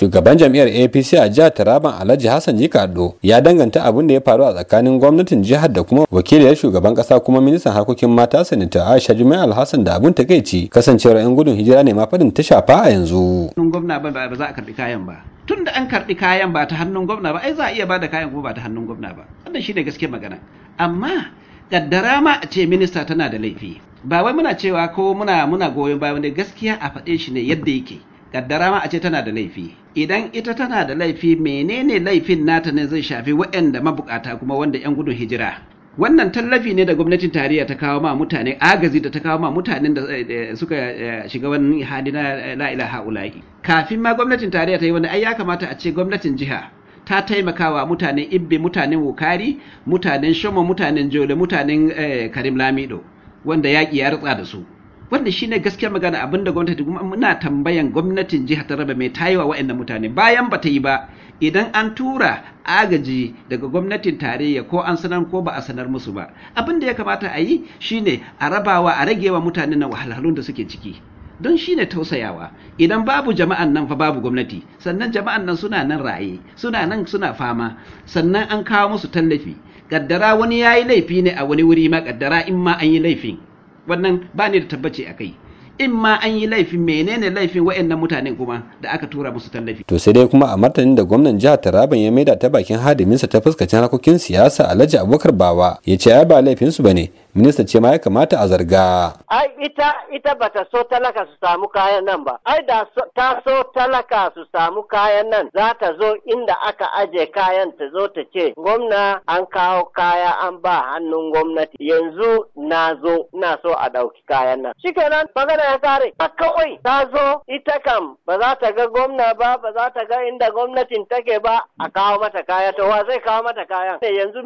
shugaban jam'iyyar apc a jihar taraban alhaji hassan jikado ya danganta abin da ya faru a tsakanin gwamnatin jihar da kuma wakiliyar shugaban kasa kuma ministan harkokin mata sanita aisha jumai alhassan da abin takaici kasancewar yan gudun hijira ne ma fadin ta shafa a yanzu. a karbi kayan ba tun da an karbi kayan ba ta hannun gwamna ba ai za a iya da kayan kuma ba ta hannun gwamna ba wannan shine gaske magana amma kaddara ma a ce minista tana da laifi ba wai muna cewa ko muna muna goyon bayan wanda gaskiya a faɗe shi ne yadda yake kaddara ma a ce tana da laifi idan ita tana da laifi menene laifin nata ne zai shafi waɗanda mabukata kuma wanda 'yan gudun hijira wannan tallafi ne da gwamnatin tarayya ta kawo ma mutane agazi da ta kawo ma mutanen da eh, eh, suka eh, shiga wani hali na la'ila ha'ula'i kafin ma gwamnatin tarayya ta yi wani ai ya kamata a ce gwamnatin jiha ta taimakawa mutane ibbe mutanen wukari mutanen shoma mutanen jole mutanen karim lamido wanda yaƙi ya rutsa da su wanda shine gaskiyar magana da gwamnati kuma muna tambayan gwamnatin jihar Taraba mai tayiwa wa'annan mutane bayan ba ta yi ba idan an tura agaji daga gwamnatin tarayya ko an sanar ko ba a sanar musu ba abin da ya kamata a yi shine a rabawa a ragewa mutanen nan wahalhalun da suke ciki don shine tausayawa idan babu jama'an nan fa babu gwamnati sannan jama'an nan suna nan raye suna nan suna fama sannan an kawo musu tallafi kaddara wani ya yi laifi ne a wani wuri ma kaddara in ma an yi laifin wannan ba ni da tabbaci a kai in ma an yi laifin menene laifin wa'annan mutanen kuma da aka tura musu tallafi. To sai dai kuma a martanin da gwamnan jihar Taraban ya maida ta bakin hadiminsa ta fuskacin harkokin siyasa Alhaji Abubakar Bawa ya ce ya ba laifin su ne. minista ce ma ya kamata a zarga. Ai ita ita bata so talaka su samu kayan nan ba. Ai da ta so talaka su samu kayan nan za ta zo inda aka aje kayan ta zo ta ce gwamna an kawo kaya an ba hannun gwamnati yanzu na zo na so a dauki kayan nan. Shikenan magana ya kare. Kawai ta zo ita kam ba za ta ga gwamna ba ba za ta ga inda gwamnatin take ba a kawo mata kaya to wa zai kawo mata kayan. Yanzu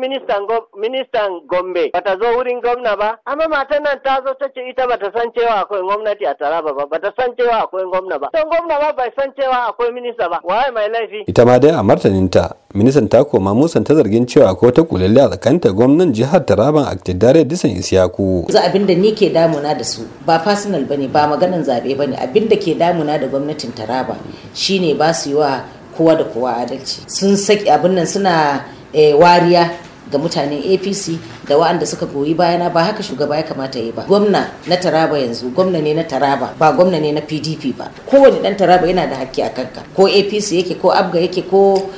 ministan Gombe bata zo wurin gwamna ba amma matan nan ta zo ta ce ita bata san cewa akwai gwamnati a Taraba ba bata san cewa akwai gwamna ba san gwamna ba bai san cewa akwai minista ba waye mai laifi ita ma dai a martaninta ministan ta koma musan ta zargin cewa ko ta kulalle a tsakanta gwamnan jihar taraban aktidare disan isiyaku za abin da ni ke damuna da su ba personal bane ba maganan zabe bane abin da ke damuna da gwamnatin taraba shine ba su yi wa kowa da kowa adalci sun saki abin nan suna eh, wariya ga mutanen apc da waɗanda suka goyi bayana ba haka shugaba ya kamata ya ba gwamna na taraba yanzu gwamna ne na taraba ba gwamna ne na pdp ba kowane dan taraba yana da hakki a kanka ko apc yake ko abga yake ko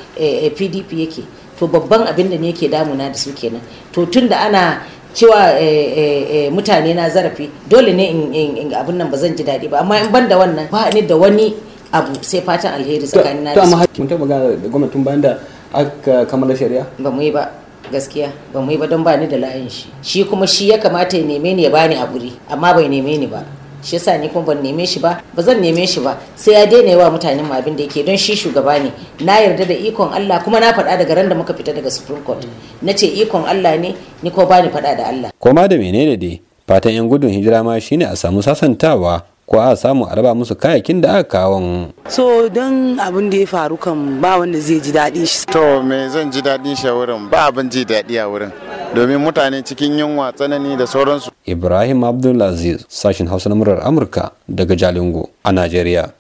pdp eh, eh, yake to babban abin da ne yake damuna da su kenan to tun da ana cewa eh, mutane na zarafi dole ne in abin nan ba zan ji daɗi ba amma in ban da wannan ba ni da wani abu sai fatan alheri tsakanin na da su. Ta amma gwamnatin bayan da aka kammala shari'a? Ba mu yi ba. gaskiya ba mu yi ba don ba ni da la'ayin shi shi kuma shi ya kamata ya neme ni ya bani a guri amma bai neme ni ba shi yasa ni kuma ban neme shi ba ba zan neme shi ba sai ya daina yawa mutanen abin da yake don shi shugaba ne na yarda da ikon Allah kuma na faɗa daga ran da muka fita daga Supreme Court na ce ikon Allah ne ni ko bani faɗa da Allah koma da menene dai fatan yan gudun hijira ma shine a samu sasantawa ko a samu a raba musu kayakin da aka kawon. so don abin da ya faru kan ba wanda zai ji daɗin shi. to me zan ji daɗin shi a wurin ba abin ji daɗi a wurin domin mutane cikin yunwa tsanani da sauransu. ibrahim abdulaziz sashen hausa na murar amurka daga jalingo a najeriya.